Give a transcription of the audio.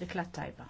dik la tajba.